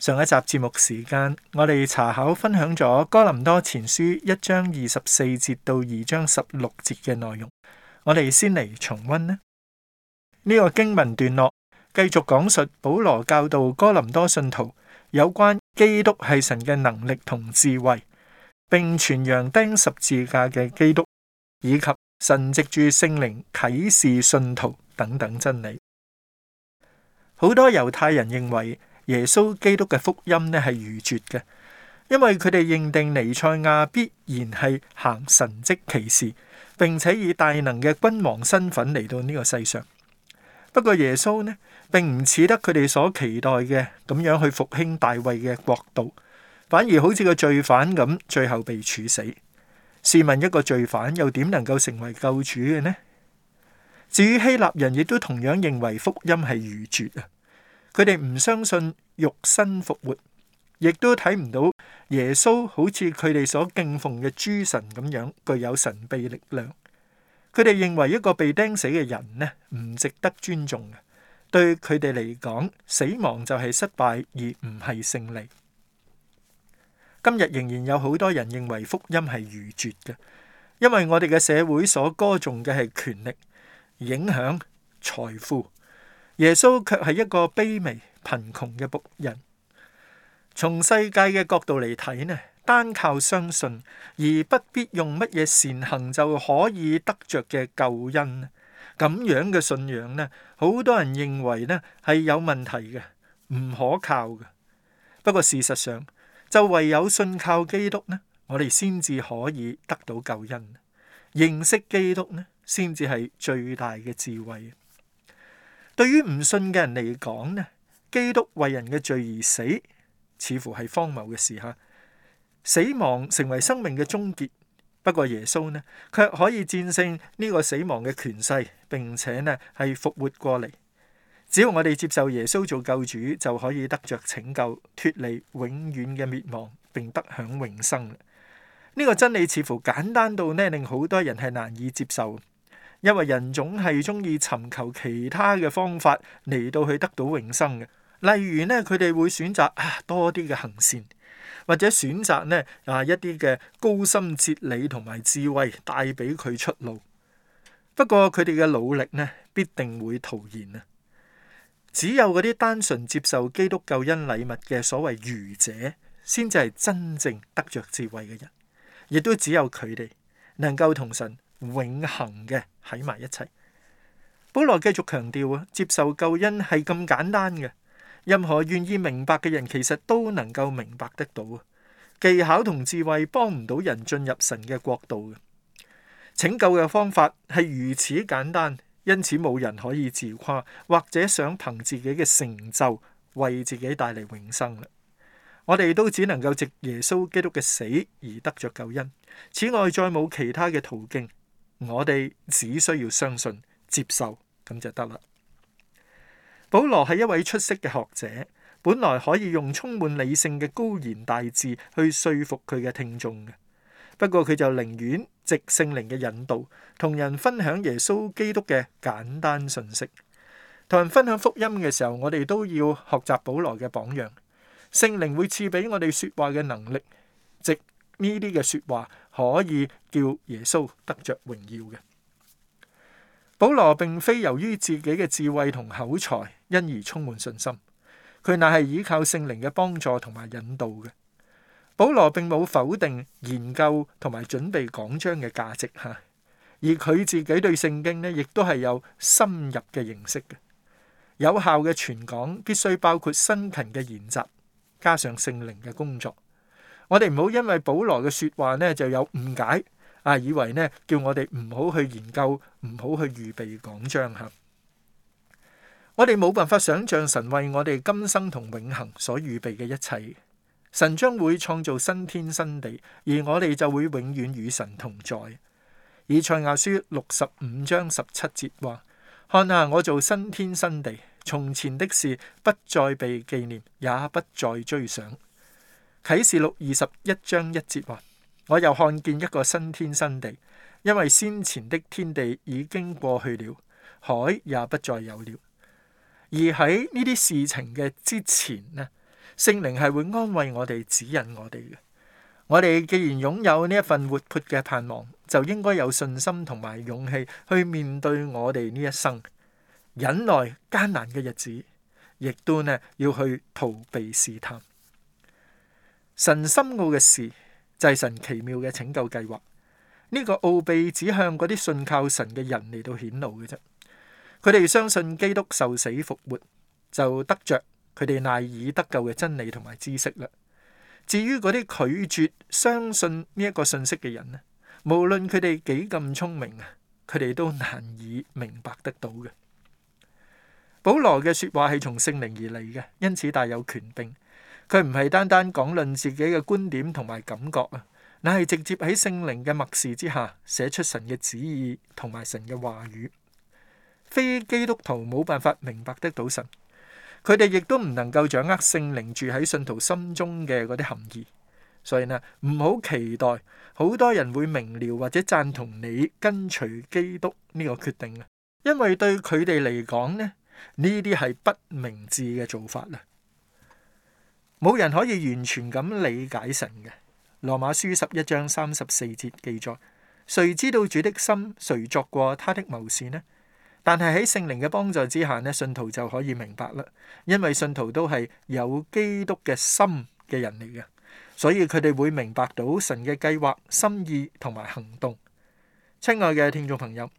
上一集節目時間，我哋查考分享咗哥林多前書一章二十四節到二章十六節嘅內容。我哋先嚟重溫呢。呢個經文段落繼續講述保羅教導哥林多信徒有關基督係神嘅能力同智慧，並傳揚釘十字架嘅基督，以及神藉住聖靈啟示信徒等等真理。好多猶太人認為。耶穌基督嘅福音呢係愚拙嘅，因為佢哋認定彌賽亞必然係行神蹟奇事，並且以大能嘅君王身份嚟到呢個世上。不過耶穌呢，並唔似得佢哋所期待嘅咁樣去復興大衛嘅國度，反而好似個罪犯咁，最後被處死。試問一個罪犯又點能夠成為救主嘅呢？至於希臘人亦都同樣認為福音係愚拙啊！佢哋唔相信肉身復活，亦都睇唔到耶穌好似佢哋所敬奉嘅諸神咁樣具有神秘力量。佢哋認為一個被釘死嘅人呢，唔值得尊重嘅，對佢哋嚟講，死亡就係失敗而唔係勝利。今日仍然有好多人認為福音係愚拙嘅，因為我哋嘅社會所歌頌嘅係權力、影響、財富。耶穌卻係一個卑微、貧窮嘅僕人。從世界嘅角度嚟睇呢，單靠相信而不必用乜嘢善行就可以得着嘅救恩，咁樣嘅信仰呢，好多人認為呢係有問題嘅，唔可靠嘅。不過事實上，就唯有信靠基督呢，我哋先至可以得到救恩。認識基督呢，先至係最大嘅智慧。對於唔信嘅人嚟講呢，基督為人嘅罪而死，似乎係荒謬嘅事吓。死亡成為生命嘅終結，不過耶穌呢，卻可以戰勝呢個死亡嘅權勢，並且呢係復活過嚟。只要我哋接受耶穌做救主，就可以得着拯救，脫離永遠嘅滅亡，並得享永生。呢個真理似乎簡單到呢，令好多人係難以接受。因為人總係中意尋求其他嘅方法嚟到去得到永生嘅，例如呢，佢哋會選擇啊多啲嘅行善，或者選擇呢啊一啲嘅高深哲理同埋智慧帶俾佢出路。不過佢哋嘅努力呢必定會徒然啊！只有嗰啲單純接受基督救恩禮物嘅所謂愚者，先至係真正得着智慧嘅人，亦都只有佢哋能夠同神。永恒嘅喺埋一齊。保羅繼續強調啊，接受救恩係咁簡單嘅，任何願意明白嘅人其實都能夠明白得到啊。技巧同智慧幫唔到人進入神嘅國度嘅，拯救嘅方法係如此簡單，因此冇人可以自誇或者想憑自己嘅成就為自己帶嚟永生啦。我哋都只能夠藉耶穌基督嘅死而得着救恩，此外再冇其他嘅途徑。我哋只需要相信、接受，咁就得啦。保羅係一位出色嘅學者，本來可以用充滿理性嘅高言大智去說服佢嘅聽眾嘅。不過佢就寧願藉聖靈嘅引導，同人分享耶穌基督嘅簡單信息。同人分享福音嘅時候，我哋都要學習保羅嘅榜樣。聖靈會賜俾我哋說話嘅能力，藉呢啲嘅說話。可以叫耶穌得着榮耀嘅。保羅並非由於自己嘅智慧同口才，因而充滿信心。佢乃係依靠聖靈嘅幫助同埋引導嘅。保羅並冇否定研究同埋準備講章嘅價值嚇，而佢自己對聖經呢，亦都係有深入嘅認識嘅。有效嘅傳講必須包括辛勤嘅研習，加上聖靈嘅工作。我哋唔好因為保羅嘅説話呢就有誤解，啊，以為呢叫我哋唔好去研究，唔好去預備講章哈。我哋冇辦法想像神為我哋今生同永恆所預備嘅一切。神將會創造新天新地，而我哋就會永遠與神同在。以賽亞書六十五章十七節話：「看下我做新天新地，從前的事不再被紀念，也不再追想。」啟示錄二十一章一節話：「我又看見一個新天新地，因為先前的天地已經過去了，海也不再有了。而喺呢啲事情嘅之前呢，聖靈係會安慰我哋，指引我哋嘅。我哋既然擁有呢一份活潑嘅盼望，就應該有信心同埋勇氣去面對我哋呢一生，忍耐艱難嘅日子，亦都呢要去逃避試探。神深奧嘅事就係、是、神奇妙嘅拯救計劃，呢、這個奧秘指向嗰啲信靠神嘅人嚟到顯露嘅啫。佢哋相信基督受死復活，就得着佢哋賴以得救嘅真理同埋知識啦。至於嗰啲拒絕相信呢一個信息嘅人呢，無論佢哋幾咁聰明啊，佢哋都難以明白得到嘅。保羅嘅說話係從聖靈而嚟嘅，因此大有權柄。佢唔係單單講論自己嘅觀點同埋感覺啊，乃係直接喺聖靈嘅默示之下寫出神嘅旨意同埋神嘅話語。非基督徒冇辦法明白得到神，佢哋亦都唔能夠掌握聖靈住喺信徒心中嘅嗰啲含義。所以呢，唔好期待好多人會明瞭或者贊同你跟隨基督呢個決定啊。因為對佢哋嚟講呢，呢啲係不明智嘅做法啦。冇人可以完全咁理解神嘅。羅馬書十一章三十四節記載：誰知道主的心，誰作過他的謀士呢？但係喺聖靈嘅幫助之下呢，信徒就可以明白啦。因為信徒都係有基督嘅心嘅人嚟嘅，所以佢哋會明白到神嘅計劃、心意同埋行動。親愛嘅聽眾朋友，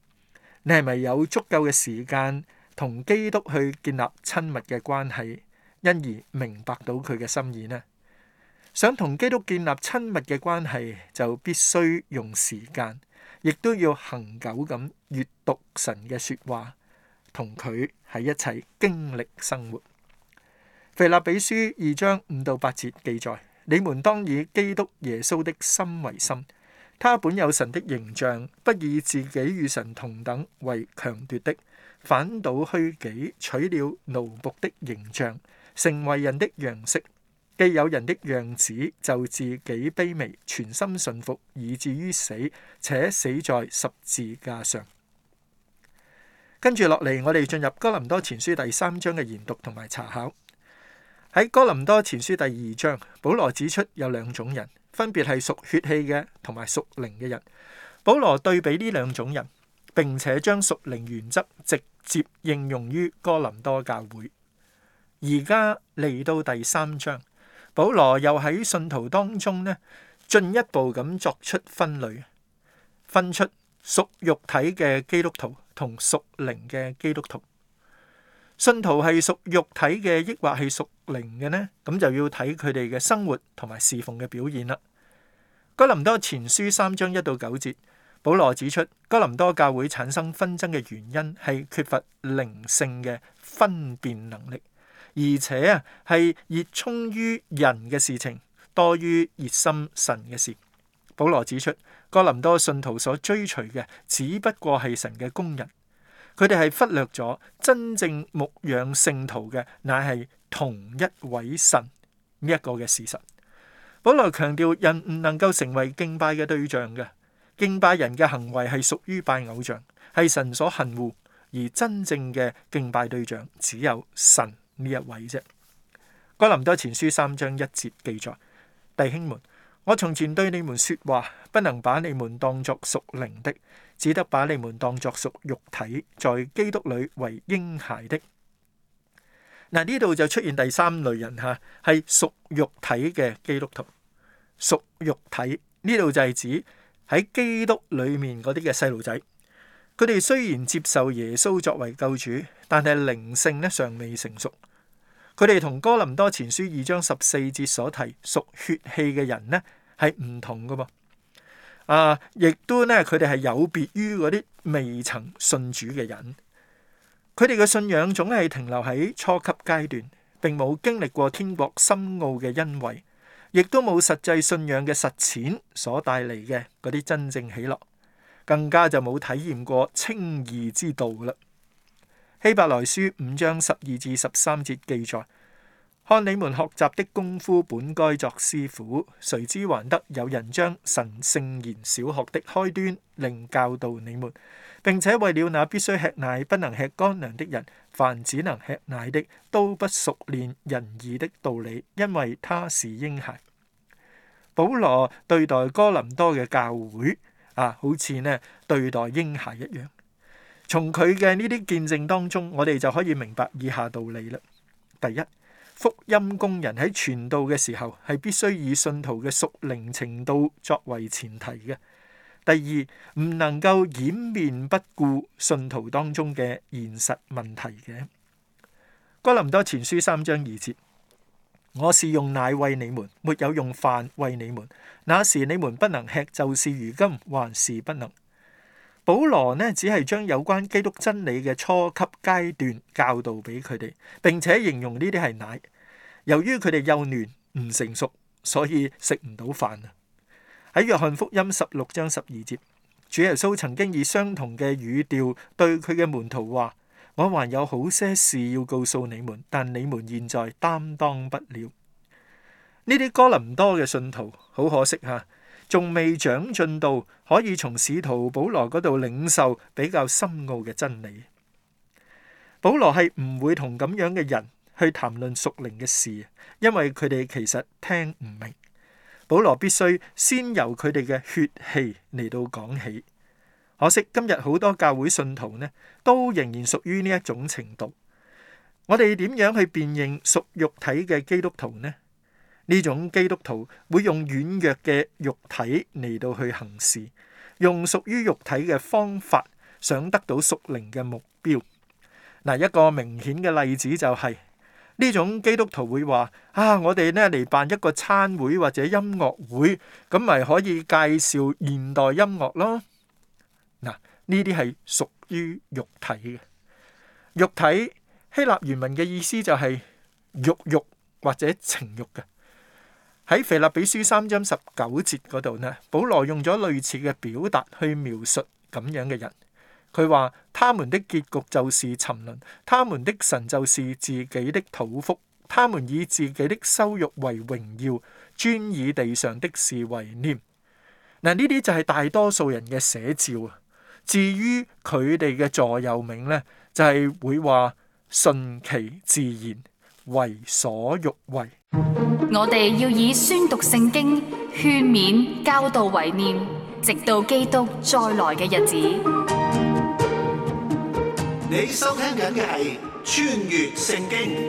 你係咪有足夠嘅時間同基督去建立親密嘅關係？因而明白到佢嘅心意呢？想同基督建立親密嘅關係，就必須用時間，亦都要恒久咁閱讀神嘅說話，同佢喺一齊經歷生活。腓立比書二章五到八節記載：你們當以基督耶穌的心為心，他本有神的形象，不以自己與神同等為強奪的，反倒虛己，取了奴僕的形象。成為人的樣式，既有人的樣子，就自己卑微，全心順服，以至於死，且死在十字架上。跟住落嚟，我哋進入哥林多前書第三章嘅研讀同埋查考。喺哥林多前書第二章，保羅指出有兩種人，分別係屬血氣嘅同埋屬靈嘅人。保羅對比呢兩種人，並且將屬靈原則直接應用於哥林多教會。而家嚟到第三章，保羅又喺信徒當中呢進一步咁作出分類，分出屬肉體嘅基督徒同屬靈嘅基督徒。信徒係屬肉體嘅，抑或係屬靈嘅呢？咁就要睇佢哋嘅生活同埋侍奉嘅表現啦。哥林多前書三章一到九節，保羅指出哥林多教會產生紛爭嘅原因係缺乏靈性嘅分辨能力。而且啊，係熱衷於人嘅事情多於熱心神嘅事。保羅指出，哥林多信徒所追隨嘅，只不過係神嘅工人，佢哋係忽略咗真正牧養聖徒嘅乃係同一位神呢一個嘅事實。保羅強調，人唔能夠成為敬拜嘅對象嘅，敬拜人嘅行為係屬於拜偶像，係神所恨惡，而真正嘅敬拜對象只有神。呢一位啫。哥林多前書三章一節記載：弟兄們，我從前對你們說話，不能把你們當作屬靈的，只得把你們當作屬肉體，在基督裏為嬰孩的。嗱，呢度就出現第三類人吓，係屬肉體嘅基督徒。屬肉體呢度就係指喺基督裏面嗰啲嘅細路仔，佢哋雖然接受耶穌作為救主，但係靈性呢尚未成熟。佢哋同哥林多前書二章十四節所提屬血氣嘅人呢，係唔同噶噃。啊，亦都呢，佢哋係有別於嗰啲未曾信主嘅人。佢哋嘅信仰總係停留喺初級階段，並冇經歷過天國深奧嘅恩惠，亦都冇實際信仰嘅實踐所帶嚟嘅嗰啲真正喜樂，更加就冇體驗過清義之道啦。希伯來書五章十二至十三節記載：看你們學習的功夫本該作師傅，誰知還得有人將神聖言小學的開端，另教導你們，並且為了那必須吃奶不能吃乾糧的人，凡只能吃奶的，都不熟練仁義的道理，因為他是嬰孩。保羅對待哥林多嘅教會啊，好似呢對待嬰孩一樣。從佢嘅呢啲見證當中，我哋就可以明白以下道理啦。第一，福音工人喺傳道嘅時候係必須以信徒嘅屬靈程度作為前提嘅。第二，唔能夠掩面不顧信徒當中嘅現實問題嘅。哥林多前書三章二節：我是用奶餵你們，沒有用飯餵你們。那時你們不能吃，就是如今還是不能。保羅呢只係將有關基督真理嘅初級階段教導俾佢哋，並且形容呢啲係奶。由於佢哋幼嫩唔成熟，所以食唔到飯啊！喺約翰福音十六章十二節，主耶穌曾經以相同嘅語調對佢嘅門徒話：我還有好些事要告訴你們，但你們現在擔當不了。呢啲哥林多嘅信徒，好可惜吓。仲未長進到可以從使徒保羅嗰度領受比較深奧嘅真理，保羅係唔會同咁樣嘅人去談論屬靈嘅事，因為佢哋其實聽唔明。保羅必須先由佢哋嘅血氣嚟到講起。可惜今日好多教會信徒呢，都仍然屬於呢一種程度。我哋點樣去辨認屬肉體嘅基督徒呢？呢種基督徒會用軟弱嘅肉體嚟到去行事，用屬於肉體嘅方法想得到屬靈嘅目標。嗱，一個明顯嘅例子就係呢種基督徒會話啊，我哋呢嚟辦一個餐會或者音樂會，咁咪可以介紹現代音樂咯。嗱，呢啲係屬於肉體嘅肉體。希臘原文嘅意思就係「肉肉」或者情欲嘅。喺腓立比書三章十九節嗰度呢，保羅用咗類似嘅表達去描述咁樣嘅人。佢話，他們的結局就是沉淪，他們的神就是自己的土福，他們以自己的羞辱為榮耀，專以地上的事為念。嗱，呢啲就係大多數人嘅寫照啊。至於佢哋嘅座右銘呢，就係、是、會話順其自然。為所欲為。我哋要以宣讀聖經、勸勉、教導為念，直到基督再來嘅日子。你收聽緊嘅係穿越聖經。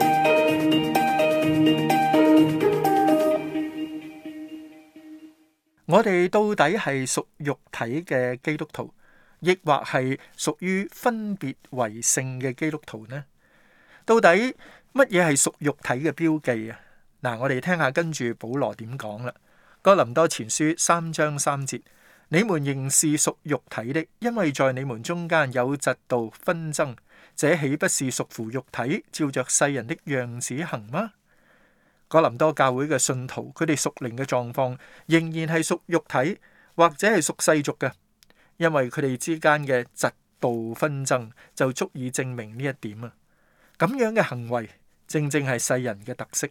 我哋到底係屬肉體嘅基督徒，亦或係屬於分別為聖嘅基督徒呢？到底乜嘢係屬肉體嘅標記啊？嗱，我哋聽下跟住保羅點講啦。哥林多前書三章三節：你們仍是屬肉體的，因為在你們中間有嫉妒紛爭。這豈不是屬乎肉體，照着世人的樣子行嗎？哥林多教會嘅信徒，佢哋屬靈嘅狀況仍然係屬肉體，或者係屬世俗嘅，因為佢哋之間嘅嫉妒紛爭就足以證明呢一點啊。咁樣嘅行為，正正係世人嘅特色，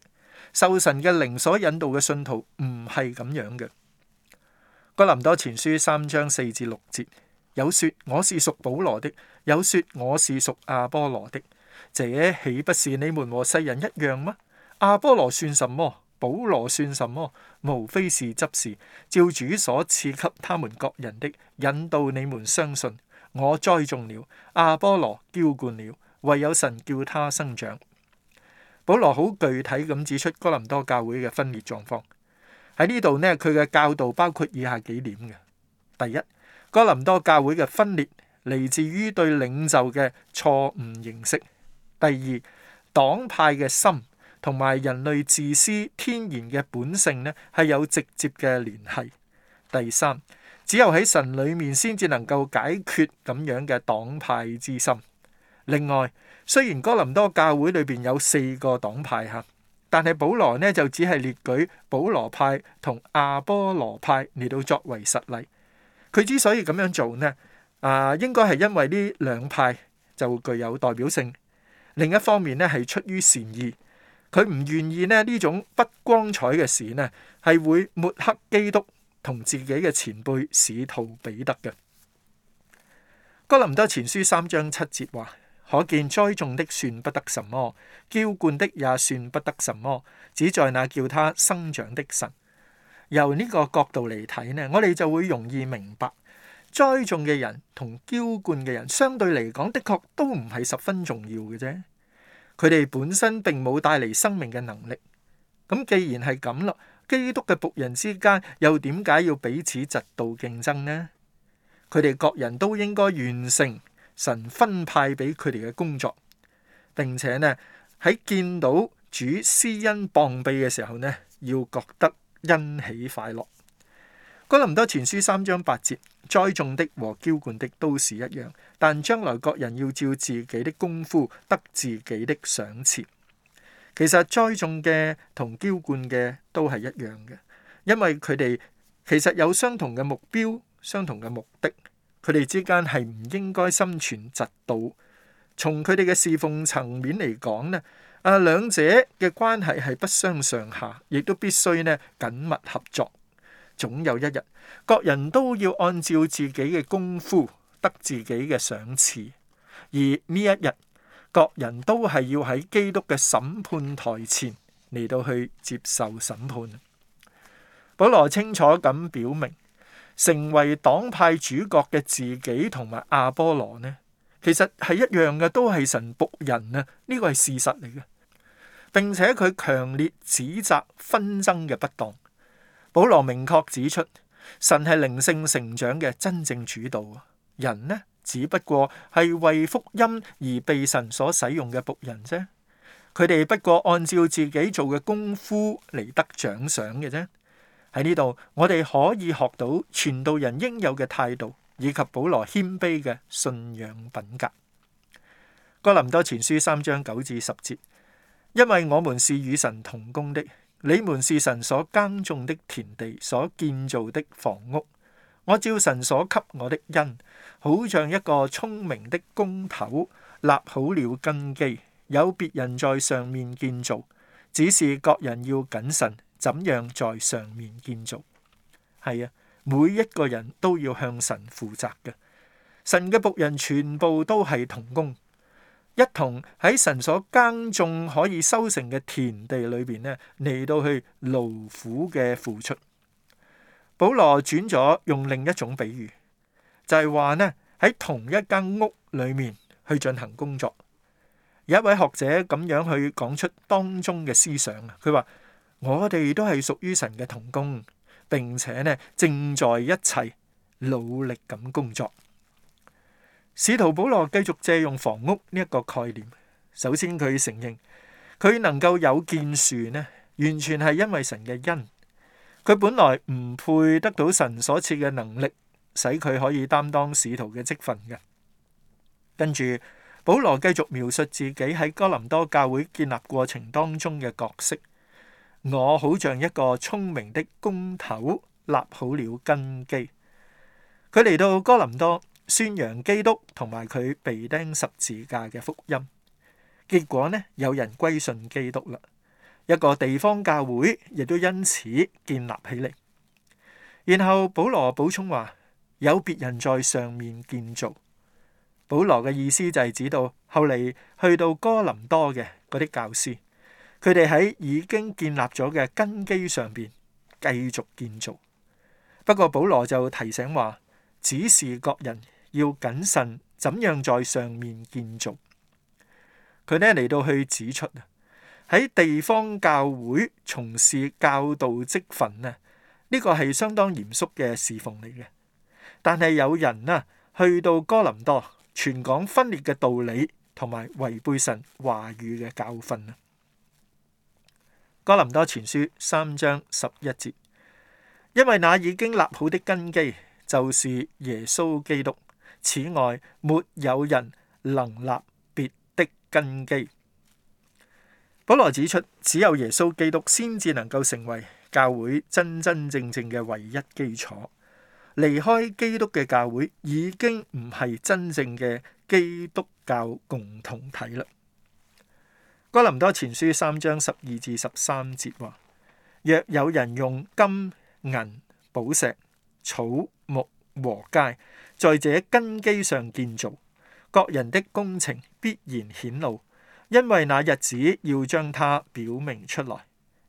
受神嘅靈所引導嘅信徒唔係咁樣嘅。哥林多前書三章四至六節有說：我是屬保羅的，有說我是屬阿波羅的。這豈不是你們和世人一樣嗎？阿波羅算什麼？保羅算什麼？無非是執事，照主所賜給他們各人的，引導你們相信。我栽種了，阿波羅澆灌了，唯有神叫他生長。保羅好具體咁指出哥林多教會嘅分裂狀況。喺呢度呢，佢嘅教導包括以下幾點嘅：第一，哥林多教會嘅分裂嚟自於對領袖嘅錯誤認識；第二，黨派嘅心同埋人類自私天然嘅本性呢係有直接嘅聯繫；第三，只有喺神裏面先至能夠解決咁樣嘅黨派之心。另外，雖然哥林多教會裏邊有四個黨派嚇，但係保羅呢就只係列舉保羅派同亞波羅派嚟到作為實例。佢之所以咁樣做呢？啊、呃，應該係因為呢兩派就具有代表性。另一方面呢，係出於善意，佢唔願意呢呢種不光彩嘅事呢係會抹黑基督同自己嘅前輩使徒彼得嘅。哥林多前書三章七節話。可見栽種的算不得什麼，澆灌的也算不得什麼，只在那叫他生長的神。由呢個角度嚟睇呢，我哋就會容易明白，栽種嘅人同澆灌嘅人相對嚟講，的確都唔係十分重要嘅啫。佢哋本身並冇帶嚟生命嘅能力。咁既然係咁啦，基督嘅僕人之間又點解要彼此嫉妒競爭呢？佢哋各人都應該完成。神分派俾佢哋嘅工作，並且呢喺見到主施恩傍庇嘅時候呢，要覺得欣喜快樂。哥林多前書三章八節，栽種的和澆灌的都是一樣，但將來各人要照自己的功夫得自己的賞賜。其實栽種嘅同澆灌嘅都係一樣嘅，因為佢哋其實有相同嘅目標、相同嘅目的。佢哋之間係唔應該心存嫉妒。從佢哋嘅侍奉層面嚟講呢，啊兩者嘅關係係不相上下，亦都必須咧緊密合作。總有一日，各人都要按照自己嘅功夫得自己嘅賞賜；而呢一日，各人都係要喺基督嘅審判台前嚟到去接受審判。保羅清楚咁表明。成為黨派主角嘅自己同埋亞波羅呢，其實係一樣嘅，都係神僕人啊，呢個係事實嚟嘅，並且佢強烈指責紛爭嘅不當。保羅明確指出，神係靈性成長嘅真正主導，人呢只不過係為福音而被神所使用嘅僕人啫，佢哋不過按照自己做嘅功夫嚟得獎賞嘅啫。喺呢度，我哋可以學到傳道人應有嘅態度，以及保羅謙卑嘅信仰品格。哥林多前書三章九至十節，因為我們是與神同工的，你們是神所耕種的田地，所建造的房屋。我照神所給我的恩，好像一個聰明的工頭，立好了根基，有別人在上面建造，只是各人要謹慎。怎樣在上面建造？係啊，每一個人都要向神負責嘅。神嘅僕人全部都係同工，一同喺神所耕種可以收成嘅田地裏邊呢嚟到去勞苦嘅付出。保羅轉咗用另一種比喻，就係話呢，喺同一間屋裏面去進行工作。有一位學者咁樣去講出當中嘅思想啊，佢話。我哋都係屬於神嘅同工，並且咧，正在一齊努力咁工作。使徒保羅繼續借用房屋呢一個概念。首先，佢承認佢能夠有建樹咧，完全係因為神嘅恩。佢本來唔配得到神所賜嘅能力，使佢可以擔當使徒嘅職份嘅。跟住保羅繼續描述自己喺哥林多教會建立過程當中嘅角色。我好像一個聰明的工頭，立好了根基。佢嚟到哥林多，宣揚基督同埋佢被釘十字架嘅福音，結果呢，有人歸信基督啦，一個地方教會亦都因此建立起嚟。然後保羅補充話，有別人在上面建造。保羅嘅意思就係指到後嚟去到哥林多嘅嗰啲教師。佢哋喺已經建立咗嘅根基上邊繼續建造，不過保羅就提醒話：只是各人要謹慎，怎樣在上面建造。佢呢嚟到去指出，喺地方教會從事教導職分呢，呢，呢個係相當嚴肅嘅侍奉嚟嘅。但係有人啊，去到哥林多傳講分裂嘅道理，同埋違背神話語嘅教訓啊。哥林多前書三章十一節，因為那已經立好的根基，就是耶穌基督，此外沒有人能立別的根基。保羅指出，只有耶穌基督先至能夠成為教會真真正正嘅唯一基礎。離開基督嘅教會已經唔係真正嘅基督教共同體嘞。哥林多前書三章十二至十三節話：若有人用金銀寶石草木和街在這根基上建造，各人的工程必然顯露，因為那日子要將它表明出來。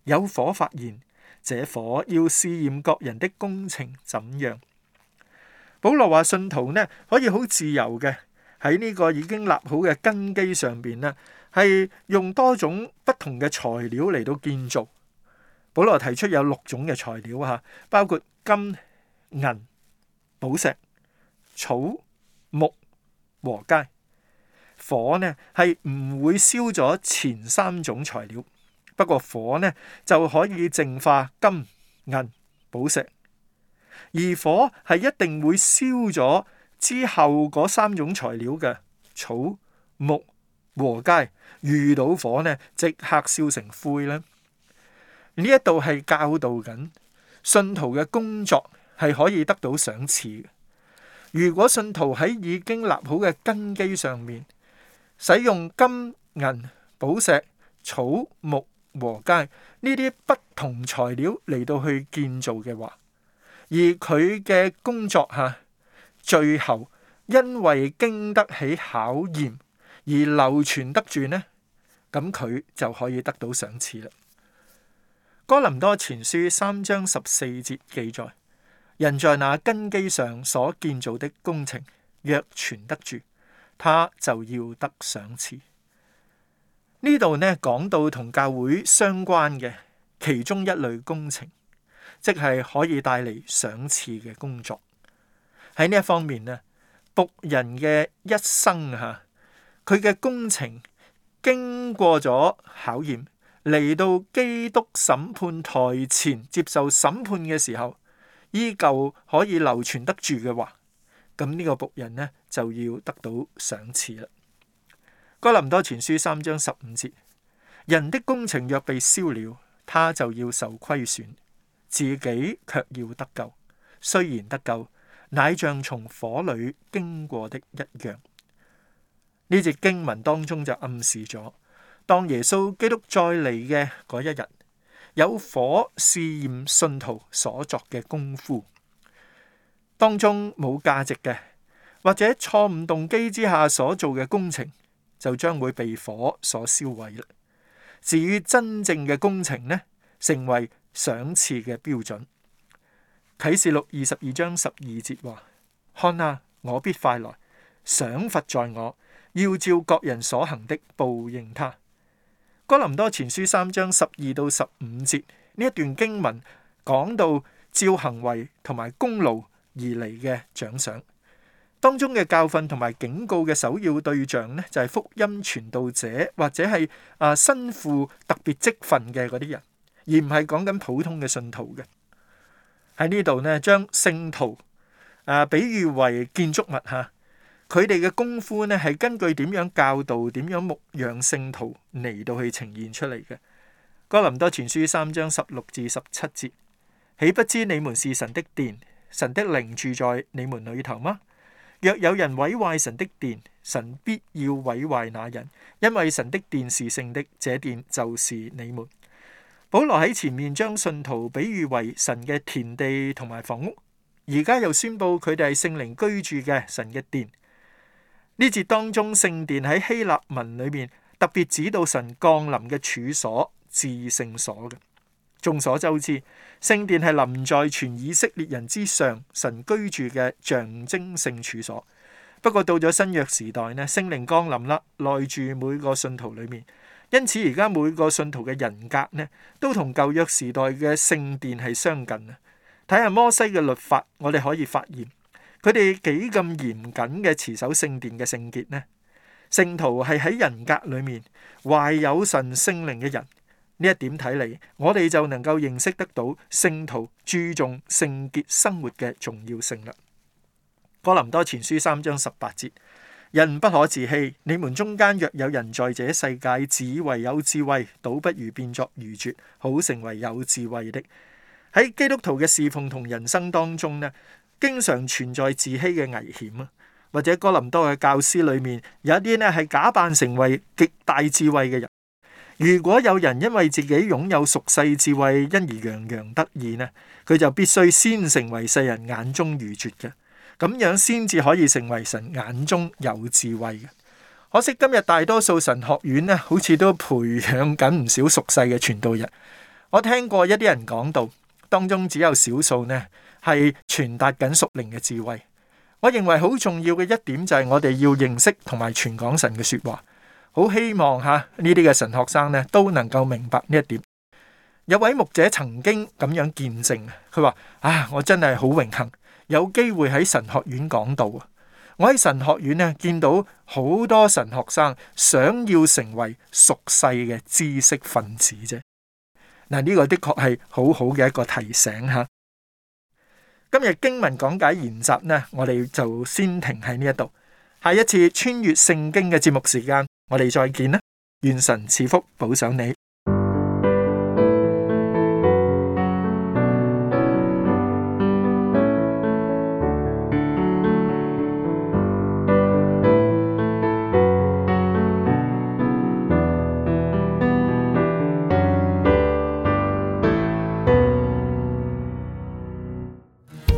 有火發現，這火要試驗各人的工程怎樣。保羅話：信徒呢可以好自由嘅。喺呢個已經立好嘅根基上邊咧，係用多種不同嘅材料嚟到建造。保羅提出有六種嘅材料嚇，包括金、銀、寶石、草、木、禾稭。火呢係唔會燒咗前三種材料，不過火呢就可以淨化金、銀、寶石。而火係一定會燒咗。之後嗰三種材料嘅草木禾稭遇到火呢，即刻燒成灰呢，呢一度係教導緊信徒嘅工作，係可以得到賞賜嘅。如果信徒喺已經立好嘅根基上面，使用金銀寶石、草木禾稭呢啲不同材料嚟到去建造嘅話，而佢嘅工作吓。最後，因為經得起考驗而流傳得住呢咁佢就可以得到賞賜啦。哥林多前書三章十四節記載：人在那根基上所建造的工程，若存得住，他就要得賞賜。呢」呢度咧講到同教會相關嘅其中一類工程，即係可以帶嚟賞賜嘅工作。喺呢一方面咧，僕人嘅一生啊，佢嘅工程經過咗考驗，嚟到基督審判台前接受審判嘅時候，依舊可以留存得住嘅話，咁、這、呢個僕人咧就要得到賞賜啦。哥林多前書三章十五節，人的工程若被燒了，他就要受虧損，自己卻要得救。雖然得救，乃像從火裏經過的一樣。呢節經文當中就暗示咗，當耶穌基督再嚟嘅嗰一日，有火試驗信徒所作嘅功夫，當中冇價值嘅，或者錯誤動機之下所做嘅工程，就將會被火所燒毀啦。至於真正嘅工程呢，成為賞賜嘅標準。啟示錄二十二章十二節話：看啊，我必快來，賞罰在我，要照各人所行的報應他。哥林多前書三章十二到十五節呢一段經文講到照行為同埋功勞而嚟嘅獎賞，當中嘅教訓同埋警告嘅首要對象呢，就係福音傳道者或者係啊身負特別職份嘅嗰啲人，而唔係講緊普通嘅信徒嘅。喺呢度呢，將聖徒啊比喻為建築物嚇，佢哋嘅功夫呢係根據點樣教導、點樣牧養聖徒嚟到去呈現出嚟嘅。哥林多前書三章十六至十七節，豈不知你們是神的殿，神的靈住在你們裏頭嗎？若有人毀壞神的殿，神必要毀壞那人，因為神的殿是聖的，這殿就是你們。保羅喺前面將信徒比喻為神嘅田地同埋房屋，而家又宣布佢哋係聖靈居住嘅神嘅殿。呢節當中，聖殿喺希臘文裏面特別指到神降臨嘅處所、至聖所嘅。眾所周知，聖殿係臨在全以色列人之上，神居住嘅象徵性處所。不過到咗新約時代呢，聖靈降臨啦，內住每個信徒裏面。因此而家每個信徒嘅人格呢，都同舊約時代嘅聖殿係相近啊！睇下摩西嘅律法，我哋可以發現佢哋幾咁嚴謹嘅持守聖殿嘅聖潔呢？聖徒係喺人格裏面懷有神聖靈嘅人，呢一點睇嚟，我哋就能夠認識得到聖徒注重聖潔生活嘅重要性啦。哥林多前書三章十八節。人不可自欺，你們中間若有人在這世界自以為有智慧，倒不如變作愚拙，好成為有智慧的。喺基督徒嘅侍奉同人生當中咧，經常存在自欺嘅危險啊！或者哥林多嘅教師裏面，有一啲咧係假扮成為極大智慧嘅人。如果有人因為自己擁有俗世智慧，因而洋洋得意呢，佢就必須先成為世人眼中愚拙嘅。咁樣先至可以成為神眼中有智慧嘅。可惜今日大多數神學院咧，好似都培養緊唔少屬世嘅傳道人。我聽過一啲人講到，當中只有少數咧係傳達緊屬靈嘅智慧。我認為好重要嘅一點就係我哋要認識同埋傳講神嘅説話。好希望嚇呢啲嘅神學生咧，都能夠明白呢一點。有位牧者曾經咁樣見證，佢話：啊，我真係好榮幸。有機會喺神學院講道啊！我喺神學院咧見到好多神學生想要成為俗世嘅知識分子啫。嗱，呢個的確係好好嘅一個提醒嚇。今日經文講解研習呢，我哋就先停喺呢一度。下一次穿越聖經嘅節目時間，我哋再見啦。願神賜福保賞你。